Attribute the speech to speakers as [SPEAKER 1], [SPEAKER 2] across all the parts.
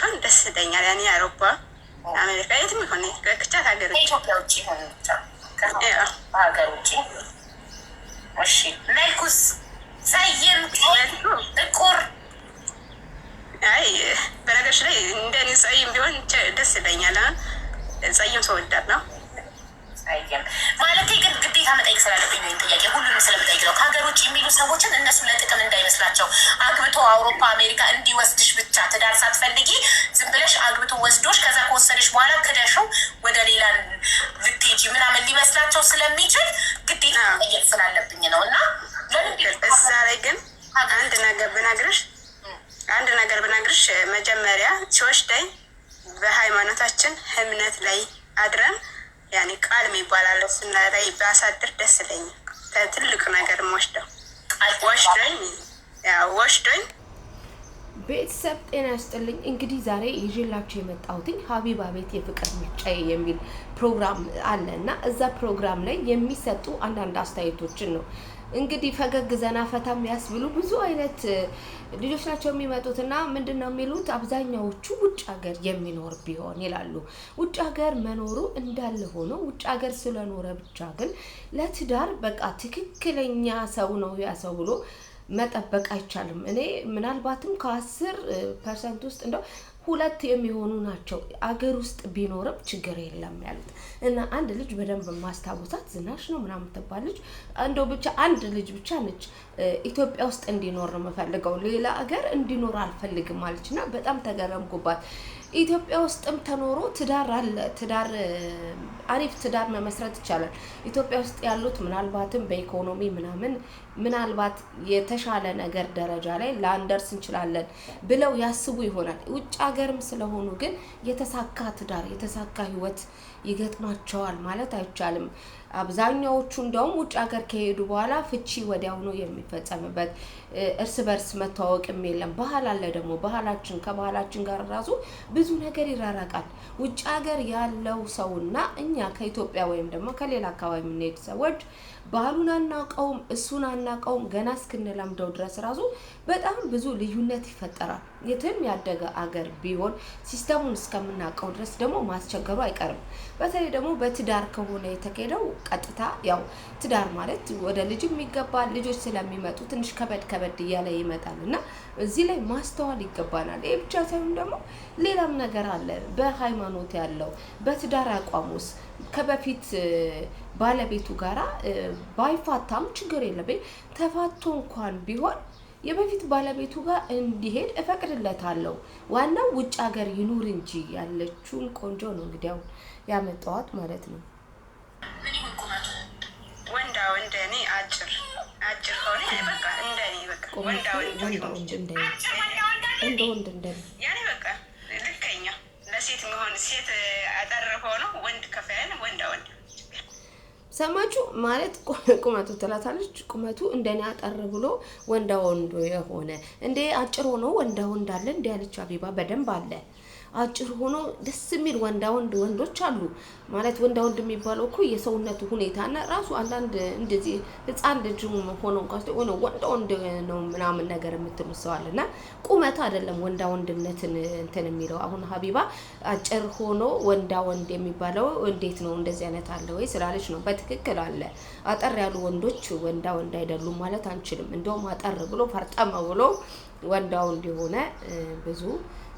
[SPEAKER 1] ቢሆን ደስ ይለኛል። ያኔ አውሮፓ፣ አሜሪካ የትም ይሆን ክቻት ሀገር
[SPEAKER 2] ከኢትዮጵያ ውጭ ሆን ሀገር ውጭ እሺ። መልኩስ ጸይም ጥቁር?
[SPEAKER 1] አይ በነገሮች ላይ እንደኔ ፀይም ቢሆን ደስ ይለኛል። ፀይም ተወዳድ ነው።
[SPEAKER 2] አይታየም ማለት ግን ግዴታ መጠየቅ ስላለብኝ ነው። ጥያቄ ሁሉንም ስለምጠይቅ ነው። ከሀገር ውጭ የሚሉ ሰዎችን እነሱ ለጥቅም እንዳይመስላቸው አግብቶ አውሮፓ አሜሪካ እንዲወስድሽ ብቻ ትዳር ሳትፈልጊ ዝም ብለሽ አግብቶ ወስዶች ከዛ ከወሰደሽ በኋላ ክደሽው ወደ ሌላ ልትሄጂ ምናምን ሊመስላቸው ስለሚችል ግዴታ መጠየቅ ስላለብኝ ነው እና
[SPEAKER 1] እዛ ላይ ግን አንድ ነገር ብነግርሽ አንድ ነገር ብነግርሽ መጀመሪያ ሲወስደኝ በሃይማኖታችን እምነት ላይ አድረን ያኔ ቃል የሚባላለው ስና ላይ ባሳድር ደስ ይለኛል። ትልቅ ነገር ወሽደው ወሽደኝ
[SPEAKER 3] ቤተሰብ ጤና ያስጥልኝ። እንግዲህ ዛሬ ይዤላቸው የመጣሁትኝ ሀቢባ ቤት የፍቅር ምርጫዬ የሚል ፕሮግራም አለ እና እዛ ፕሮግራም ላይ የሚሰጡ አንዳንድ አስተያየቶችን ነው እንግዲህ ፈገግ ዘና ፈታ የሚያስብሉ ብዙ አይነት ልጆች ናቸው የሚመጡት እና ምንድን ነው የሚሉት አብዛኛዎቹ ውጭ ሀገር የሚኖር ቢሆን ይላሉ። ውጭ ሀገር መኖሩ እንዳለ ሆኖ ውጭ ሀገር ስለኖረ ብቻ ግን ለትዳር በቃ ትክክለኛ ሰው ነው ያ ሰው ብሎ መጠበቅ አይቻልም። እኔ ምናልባትም ከአስር ፐርሰንት ውስጥ እንደው ሁለት የሚሆኑ ናቸው። አገር ውስጥ ቢኖርም ችግር የለም ያሉት እና አንድ ልጅ በደንብ ማስታወሳት ዝናሽ ነው ምናምን ትባል ልጅ እንደው ብቻ አንድ ልጅ ብቻ ነች ኢትዮጵያ ውስጥ እንዲኖር ነው የምፈልገው፣ ሌላ አገር እንዲኖር አልፈልግም አለች እና በጣም ተገረምኩባት። ኢትዮጵያ ውስጥም ተኖሮ ትዳር አለ ትዳር አሪፍ ትዳር መመስረት ይቻላል። ኢትዮጵያ ውስጥ ያሉት ምናልባትም በኢኮኖሚ ምናምን ምናልባት የተሻለ ነገር ደረጃ ላይ ላንደርስ እንችላለን ብለው ያስቡ ይሆናል። ውጭ ሀገርም ስለሆኑ ግን የተሳካ ትዳር፣ የተሳካ ህይወት ይገጥማቸዋል ማለት አይቻልም። አብዛኛዎቹ እንደውም ውጭ ሀገር ከሄዱ በኋላ ፍቺ ወዲያው ነው የሚፈጸምበት። እርስ በርስ መተዋወቅም የለም። ባህል አለ ደግሞ ባህላችን ከባህላችን ጋር ራሱ ብዙ ነገር ይራራቃል። ውጭ ሀገር ያለው ሰውና እኛ ከኢትዮጵያ ወይም ደግሞ ከሌላ አካባቢ የምንሄድ ሰዎች ባህሉን አናውቀውም፣ እሱን አና አናውቀውም። ገና እስክንለምደው ድረስ ራሱ በጣም ብዙ ልዩነት ይፈጠራል። የትም ያደገ አገር ቢሆን ሲስተሙን እስከምናውቀው ድረስ ደግሞ ማስቸገሩ አይቀርም። በተለይ ደግሞ በትዳር ከሆነ የተካሄደው ቀጥታ ያው ትዳር ማለት ወደ ልጅ ይገባል። ልጆች ስለሚመጡ ትንሽ ከበድ ከበድ እያለ ይመጣል እና እዚህ ላይ ማስተዋል ይገባናል። ይህ ብቻ ሳይሆን ደግሞ ሌላም ነገር አለ። በሃይማኖት ያለው በትዳር አቋም ውስጥ ከበፊት ባለቤቱ ጋራ ባይፋታም ችግር የለብኝ ተፋቶ እንኳን ቢሆን የበፊት ባለቤቱ ጋር እንዲሄድ እፈቅድለታለሁ። ዋናው ውጭ ሀገር ይኑር እንጂ ያለችውን ቆንጆ ነው እንግዲያው ያመጣዋት ማለት ነው።
[SPEAKER 2] ወንዳ ወንደ አጭር አጭር ሆነ በቃ እንደኔ በቃ ወንዳ
[SPEAKER 3] ወንደ እንደ ወንድ እንደኔ ሰማችሁ ማለት ቁመቱ ትላታለች። ቁመቱ እንደኔ አጠር ብሎ ወንዳ ወንዶ የሆነ እንዴ አጭር ሆኖ ወንዳ ወንድ አለ ያለች አቢባ። በደንብ አለ አጭር ሆኖ ደስ የሚል ወንዳ ወንድ ወንዶች አሉ። ማለት ወንዳ ወንድ የሚባለው እኮ የሰውነቱ ሁኔታና ራሱ አንዳንድ እንደዚህ ህፃን ልጅ ሆነው እንኳ ሆነ ወንዳ ወንድ ነው ምናምን ነገር የምትሉ ሰዋል እና ቁመቱ አይደለም ወንዳ ወንድነትን እንትን የሚለው አሁን ሀቢባ አጭር ሆኖ ወንዳ ወንድ የሚባለው እንዴት ነው እንደዚህ አይነት አለ ወይ ስላለች ነው። በትክክል አለ። አጠር ያሉ ወንዶች ወንዳ ወንድ አይደሉም ማለት አንችልም። እንደውም አጠር ብሎ ፈርጠመ ብሎ ወንዳ ወንድ የሆነ ብዙ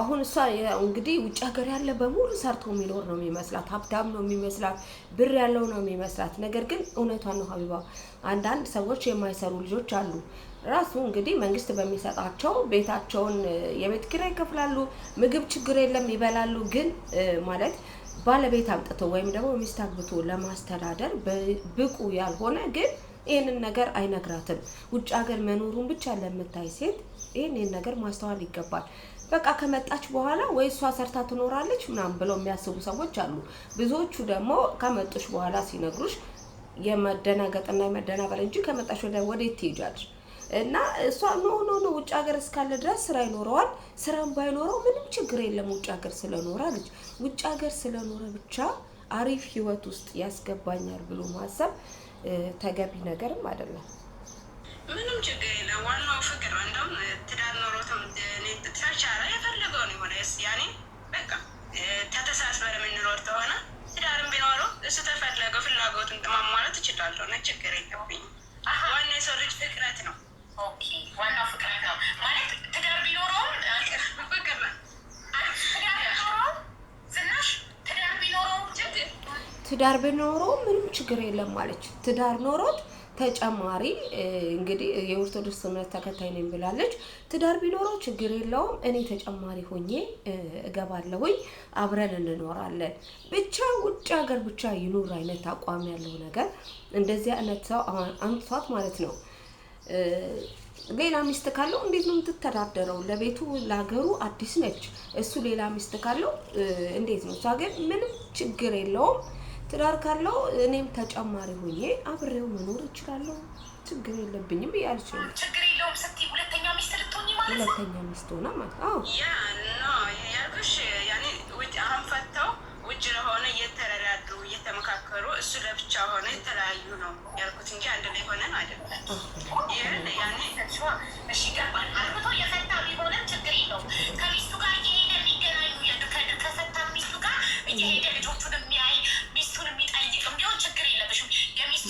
[SPEAKER 3] አሁን እሷ እንግዲህ ውጭ ሀገር ያለ በሙሉ ሰርቶ የሚኖር ነው የሚመስላት፣ ሀብታም ነው የሚመስላት፣ ብር ያለው ነው የሚመስላት። ነገር ግን እውነቷን ነው ሀቢባ። አንዳንድ ሰዎች የማይሰሩ ልጆች አሉ። ራሱ እንግዲህ መንግስት በሚሰጣቸው ቤታቸውን የቤት ኪራይ ይከፍላሉ። ምግብ ችግር የለም ይበላሉ። ግን ማለት ባለቤት አምጥቶ ወይም ደግሞ ሚስት አግብቶ ለማስተዳደር ብቁ ያልሆነ ግን ይህንን ነገር አይነግራትም። ውጭ ሀገር መኖሩን ብቻ ለምታይ ሴት ይህን ነገር ማስተዋል ይገባል። በቃ ከመጣች በኋላ ወይ እሷ ሰርታ ትኖራለች ምናምን ብለው የሚያስቡ ሰዎች አሉ። ብዙዎቹ ደግሞ ከመጡሽ በኋላ ሲነግሩሽ የመደናገጥና የመደናበር እንጂ ከመጣሽ ወደ ወዴት ትሄጃለሽ? እና እሷ ኖ ኖ ኖ ውጭ ሀገር እስካለ ድረስ ስራ ይኖረዋል። ስራም ባይኖረው ምንም ችግር የለም ውጭ ሀገር ስለኖረ አለች። ውጭ ሀገር ስለኖረ ብቻ አሪፍ ህይወት ውስጥ ያስገባኛል ብሎ ማሰብ ተገቢ ነገርም አይደለም።
[SPEAKER 2] ምንም ችግር የለም ዋናው ፍቅር ተቻለ የፈለገውን የሆነ ያኔ በቃ ተተሳስበን የምንኖር ከሆነ ትዳርም ቢኖረው እሱ ተፈለገው ፍላጎቱን ማሟላት እችላለሁ እና ችግር የለብኝም። ዋና የሰው ልጅ ፍቅረት ነው። ኦኬ ዋናው ፍቅረት ነው ማለት ትዳር ቢኖረውም ፍቅር ነው።
[SPEAKER 3] ትዳር ቢኖረው ምንም ችግር የለም ማለች ትዳር ኖሮት ተጨማሪ እንግዲህ የኦርቶዶክስ እምነት ተከታይ ነኝ ብላለች። ትዳር ቢኖረው ችግር የለውም እኔ ተጨማሪ ሆኜ እገባለሁኝ አብረን እንኖራለን። ብቻ ውጭ ሀገር ብቻ ይኑር አይነት አቋም ያለው ነገር እንደዚህ አይነት ሰው አምጥቷት ማለት ነው። ሌላ ሚስት ካለው እንዴት ነው የምትተዳደረው? ለቤቱ ለሀገሩ አዲስ ነች። እሱ ሌላ ሚስት ካለው እንዴት ነው? እሷ ግን ምንም ችግር የለውም ትዳር ካለው እኔም ተጨማሪ ሆኜ አብሬው መኖር እችላለሁ፣ ችግር የለብኝም እያለች ነው።
[SPEAKER 2] ችግር የለውም ስትይ ሁለተኛ ሚስት ልትሆኚ ማለት
[SPEAKER 3] ነው። ሁለተኛ ሚስት ሆና ማለት ነው
[SPEAKER 2] ያልኩሽ። ያኔ አሁን ፈተው ውጭ ለሆነ እየተረዳዱ እየተመካከሩ እሱ ለብቻ ሆነ የተለያዩ ነው ያልኩት እንጂ አንድ ላይ ሆነን አይደለም። ይህን ያኔ እሺ የፈታ ቢሆንም ችግር የለውም። ከሚስቱ ጋር እየሄደ የሚገናኙ ከፈታ ሚስቱ ጋር እየሄደ ልጆቹንም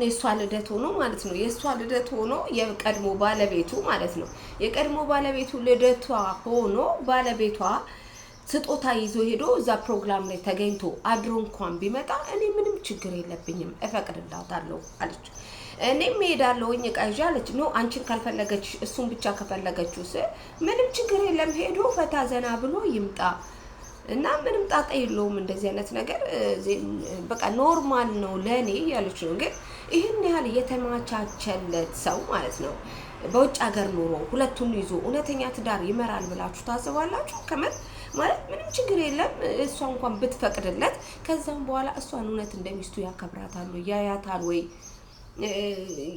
[SPEAKER 3] አሁን የእሷ ልደት ሆኖ ማለት ነው። የእሷ ልደት ሆኖ የቀድሞ ባለቤቱ ማለት ነው። የቀድሞ ባለቤቱ ልደቷ ሆኖ ባለቤቷ ስጦታ ይዞ ሄዶ እዛ ፕሮግራም ላይ ተገኝቶ አድሮ እንኳን ቢመጣ እኔ ምንም ችግር የለብኝም፣ እፈቅድላታለሁ አለች። እኔም ወኝ ዕቃ ይዤ አለች። ኖ አንቺን ካልፈለገች እሱን ብቻ ከፈለገችው ስ ምንም ችግር የለም፣ ሄዶ ፈታ ዘና ብሎ ይምጣ እና ምንም ጣጣ የለውም። እንደዚህ አይነት ነገር በቃ ኖርማል ነው ለእኔ ያለች ነው ግን ይህን ያህል የተማቻቸለት ሰው ማለት ነው በውጭ ሀገር ኑሮ ሁለቱን ይዞ እውነተኛ ትዳር ይመራል ብላችሁ ታስባላችሁ? ከምር ማለት ምንም ችግር የለም። እሷ እንኳን ብትፈቅድለት ከዛም በኋላ እሷን እውነት እንደሚስቱ ያከብራታል ወይ ያያታል ወይ?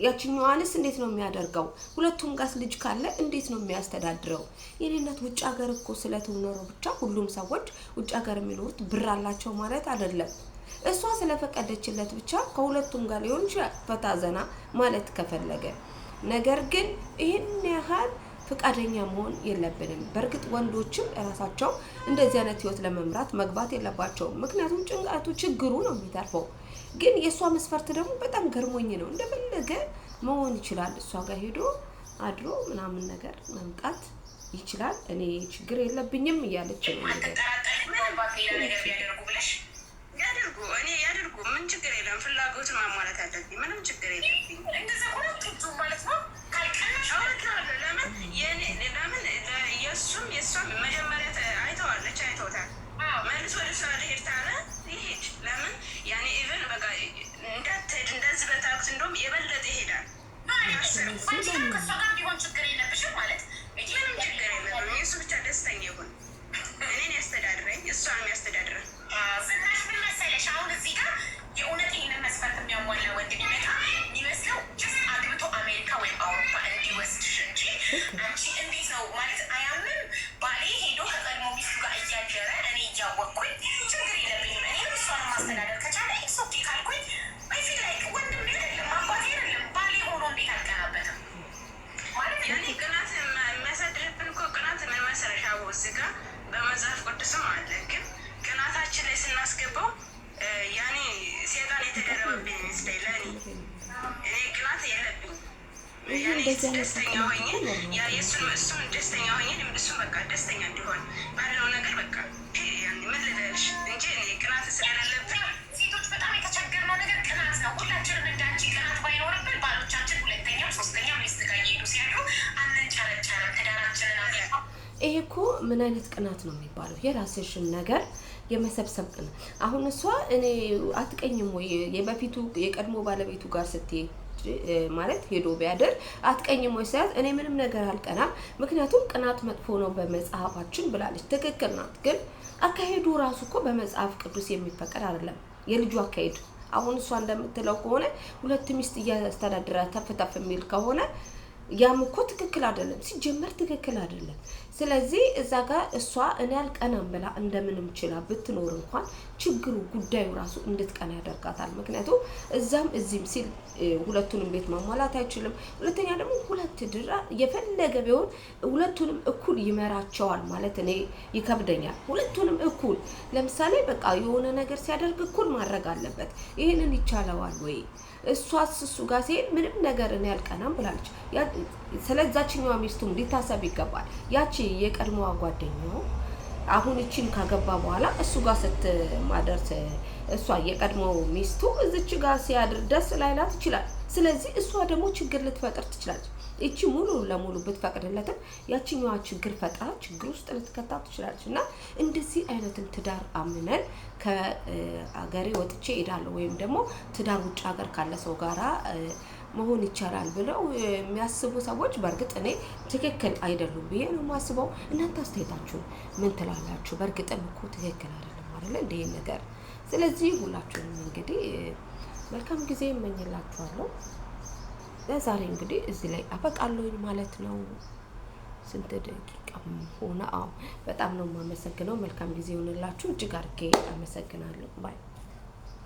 [SPEAKER 3] ያችኛዋንስ እንዴት ነው የሚያደርገው? ሁለቱም ጋስ ልጅ ካለ እንዴት ነው የሚያስተዳድረው? የኔነት ውጭ ሀገር እኮ ስለተኖሩ ብቻ ሁሉም ሰዎች ውጭ ሀገር የሚኖሩት ብር አላቸው ማለት አይደለም። እሷ ስለፈቀደችለት ብቻ ከሁለቱም ጋር ሊሆን ይችላል ፈታ ዘና ማለት ከፈለገ። ነገር ግን ይህን ያህል ፈቃደኛ መሆን የለብንም። በእርግጥ ወንዶችም እራሳቸው እንደዚህ አይነት ህይወት ለመምራት መግባት የለባቸውም። ምክንያቱም ጭንቀቱ ችግሩ ነው የሚተርፈው። ግን የእሷ መስፈርት ደግሞ በጣም ገርሞኝ ነው። እንደፈለገ መሆን ይችላል። እሷ ጋር ሄዶ አድሮ ምናምን ነገር መምጣት ይችላል። እኔ ችግር የለብኝም እያለች
[SPEAKER 2] ነው ነገር ምንም ችግር የለም። ፍላጎት ማሟላት አለብኝ። ምንም ችግር የለም። ለምን ለምን የእሱም የእሷም መጀመ when you're with the ይህ እንደዚህ ደስተኛ ሆኜ ያ የእሱን እሱን ደስተኛ ሆኜ በቃ ደስተኛ እንዲሆን ባለው ነገር በቃ ምን ልበልሽ እንጂ እኔ ቅናት ስለሌለብኝ ሴቶች በጣም የተቸገርነው ነገር ቅናት ነው። ሁላችንም እንዳንቺ ቅናት ባይኖርብን ባሎቻችን ሚስት ጋር እየሄዱ ትዳራችንን
[SPEAKER 3] ይሄ እኮ ምን አይነት ቅናት ነው የሚባለው? የራስሽን ነገር የመሰብሰብ ቅናት። አሁን እሷ እኔ አትቀኝም ወይ የበፊቱ የቀድሞ ባለቤቱ ጋር ስትሄድ ማለት ሄዶ ቢያደር አትቀኝም ወይ ስላት እኔ ምንም ነገር አልቀናም፣ ምክንያቱም ቅናት መጥፎ ነው በመጽሐፋችን ብላለች። ትክክል ናት። ግን አካሄዱ ራሱ እኮ በመጽሐፍ ቅዱስ የሚፈቀድ አይደለም የልጁ አካሄድ። አሁን እሷ እንደምትለው ከሆነ ሁለት ሚስት እያስተዳደረ ተፍተፍ የሚል ከሆነ ያም እኮ ትክክል አይደለም። ሲጀመር ትክክል አይደለም። ስለዚህ እዛ ጋር እሷ እኔ አልቀናም ብላ እንደምንም ችላ ብትኖር እንኳን ችግሩ ጉዳዩ ራሱ እንድትቀና ያደርጋታል። ምክንያቱም እዛም እዚህም ሲል ሁለቱንም ቤት ማሟላት አይችልም። ሁለተኛ ደግሞ ሁለት ድራ የፈለገ ቢሆን ሁለቱንም እኩል ይመራቸዋል ማለት እኔ ይከብደኛል። ሁለቱንም እኩል ለምሳሌ በቃ የሆነ ነገር ሲያደርግ እኩል ማድረግ አለበት። ይህንን ይቻለዋል ወይ? እሷስ እሱ ጋር ሲሄድ ምንም ነገር እኔ አልቀናም ብላለች ስለዛችኛዋ ሚስቱም ሊታሰብ ይገባል። ያቺ የቀድሞዋ ጓደኛው አሁን እቺን ካገባ በኋላ እሱ ጋር ስትማደርስ እሷ የቀድሞው ሚስቱ እዚች ጋር ሲያድር ደስ ላይላት ይችላል። ስለዚህ እሷ ደግሞ ችግር ልትፈጥር ትችላለች። እቺ ሙሉ ለሙሉ ብትፈቅድለትም ያችኛዋ ችግር ፈጥራ ችግር ውስጥ ልትከታ ትችላለች። እና እንደዚህ አይነትም ትዳር አምነን ከአገሬ ወጥቼ እሄዳለሁ ወይም ደግሞ ትዳር ውጭ ሀገር ካለ ሰው ጋራ መሆን ይቻላል ብለው የሚያስቡ ሰዎች በእርግጥ እኔ ትክክል አይደሉም ብዬ ነው የማስበው። እናንተ አስተያየታችሁ ምን ትላላችሁ? በእርግጥም እኮ ትክክል አይደለም አለ እንደ ይህ ነገር። ስለዚህ ሁላችሁንም እንግዲህ መልካም ጊዜ እመኝላችኋለሁ። ለዛሬ እንግዲህ እዚህ ላይ አበቃለሁኝ ማለት ነው። ስንት ደቂቃ ሆነ? አዎ፣ በጣም ነው የማመሰግነው። መልካም ጊዜ ይሆንላችሁ። እጅግ አድርጌ አመሰግናለሁ። ባይ